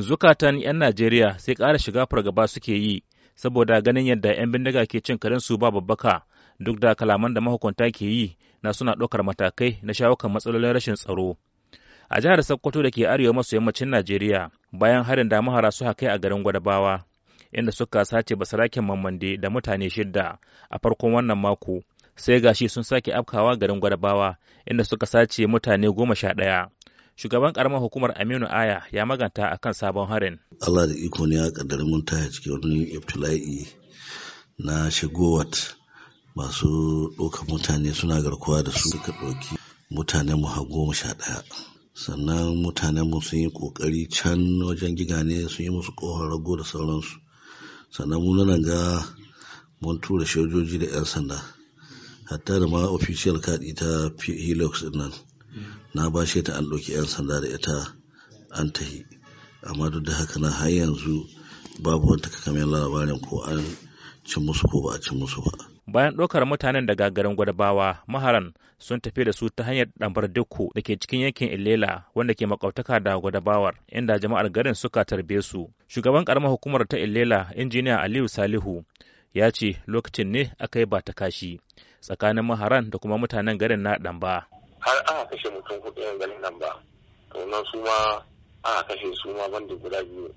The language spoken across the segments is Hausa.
zukatan 'yan Najeriya sai ƙara shiga fargaba suke yi saboda ganin yadda 'yan bindiga ke cin su ba babbaka duk da kalaman da mahukunta ke yi na suna ɗaukar matakai na shawo matsalolin rashin tsaro. A jihar Sokoto da ke arewa maso yammacin Najeriya bayan harin da mahara su haka a garin Gwadabawa inda suka sace basaraken mamande da mutane shidda a farkon wannan mako sai gashi sun sake afkawa garin Gwadabawa inda suka sace mutane goma sha ɗaya. shugaban karamar hukumar aminu aya ya maganta a kan sabon harin allah da iko ne ya kaddara mun taya cikin wani iftila'i na shigowat masu ɗaukar mutane suna garkuwa da su suka ɗauki mutanen mu ha goma sha ɗaya sannan mutanen mu sun yi ƙoƙari can wajen gigane sun yi musu ƙofar rago da sauransu sannan mu nan ga mun tura sojoji da 'yan sanda hatta da ma ofishiyal kaɗi ta hilux nan na bashe ta an ɗauki 'yan sanda da ita an tahi amma duk da haka na har yanzu babu wata kakamin labarin ko an ci musu ko ba a ci musu ba bayan ɗaukar mutanen daga garin gwadabawa maharan sun tafi da su ta hanyar ɗambar dukku da ke cikin yankin ilela wanda ke makwabtaka da gwadabawar inda jama'ar garin suka tarbe su shugaban ƙaramar hukumar ta ilela injiniya aliyu salihu ya ce lokacin ne aka yi ba ta kashi tsakanin maharan da kuma mutanen garin na ɗamba har aka kashe mutum hudu yan ganin nan ba to nan su ma aka kashe su ma bandi guda biyu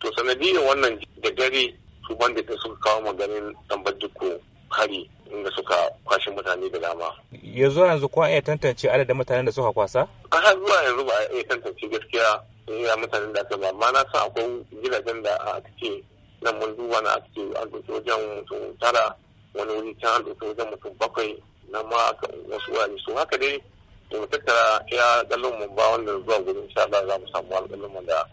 to sanadiyar wannan da dare su bandi da suka kawo maganin tambar duko hari inda suka kwashe mutane da dama. Yanzu yanzu ko an iya tantance adadin mutanen da suka kwasa? A har zuwa yanzu ba a iya tantance gaskiya ya mutanen da aka ba amma na san akwai gidajen da a cike nan mun duba na a cike an ɗauki wajen mutum tara wani wuri can an ɗauki wajen mutum bakwai na ma wasu wani su haka dai to tattara ya kallon mu ba wanda zuwa gudu insha Allah za mu samu alƙalin mu da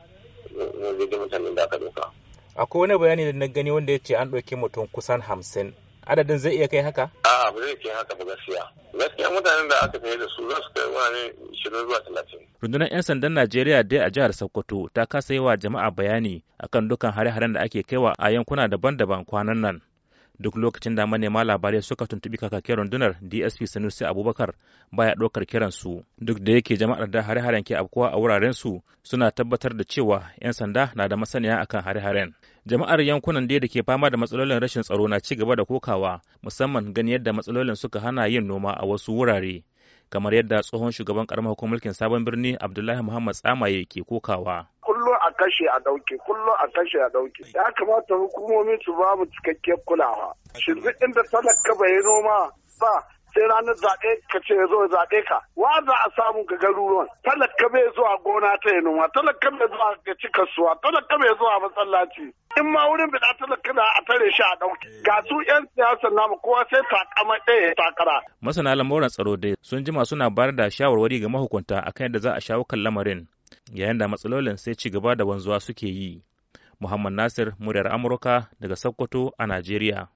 zai ji mutanen da aka doka akwai wani bayani da na gani wanda ya ce an ɗauki mutum kusan hamsin adadin zai iya kai haka? A'a ba zai kai haka ba gaskiya. Gaskiya mutanen da aka kai da su za su kai wani shirin zuwa talatin. Rundunar 'yan sandan Najeriya dai a jihar Sokoto ta kasa yi wa jama'a bayani akan dukan hare-haren da ake kaiwa a yankuna daban-daban kwanan nan. duk lokacin da manema labarai suka tuntubi kakakin rundunar dsp sanusi abubakar baya ɗaukar kiransu duk da yake jama'ar da hare-haren ke afkuwa a wuraren su suna tabbatar da cewa 'yan sanda na da masaniya akan hare-haren jama'ar yankunan da ke fama da matsalolin rashin tsaro na ci gaba da kokawa musamman gani yadda matsalolin suka hana yin noma a wasu wurare kamar yadda tsohon shugaban karamar hukumar mulkin sabon birni abdullahi muhammad tsamaye ke kokawa kullum a kashe a dauke kullum a kashe a dauke ya kamata hukumomi su ba mu cikakkiyar kulawa shi duk inda talaka bai noma ba sai ranar zaɓe ka ce ya zo zaɓe ka wa za a samu ga garuruwan talaka bai zuwa gona ta yi noma talaka bai zuwa ga ci kasuwa talaka bai zuwa masallaci in ma wurin bida talaka na a tare shi a ɗauke. ga su yan siyasa namu kowa sai takama ɗaya takara. masana lamuran tsaro dai sun jima suna bayar da shawarwari ga mahukunta akan yadda za a shawo kan lamarin yayin da matsalolin sai ci gaba da wanzuwa suke yi. Muhammad Nasir, muryar Amurka daga Sokoto a Najeriya.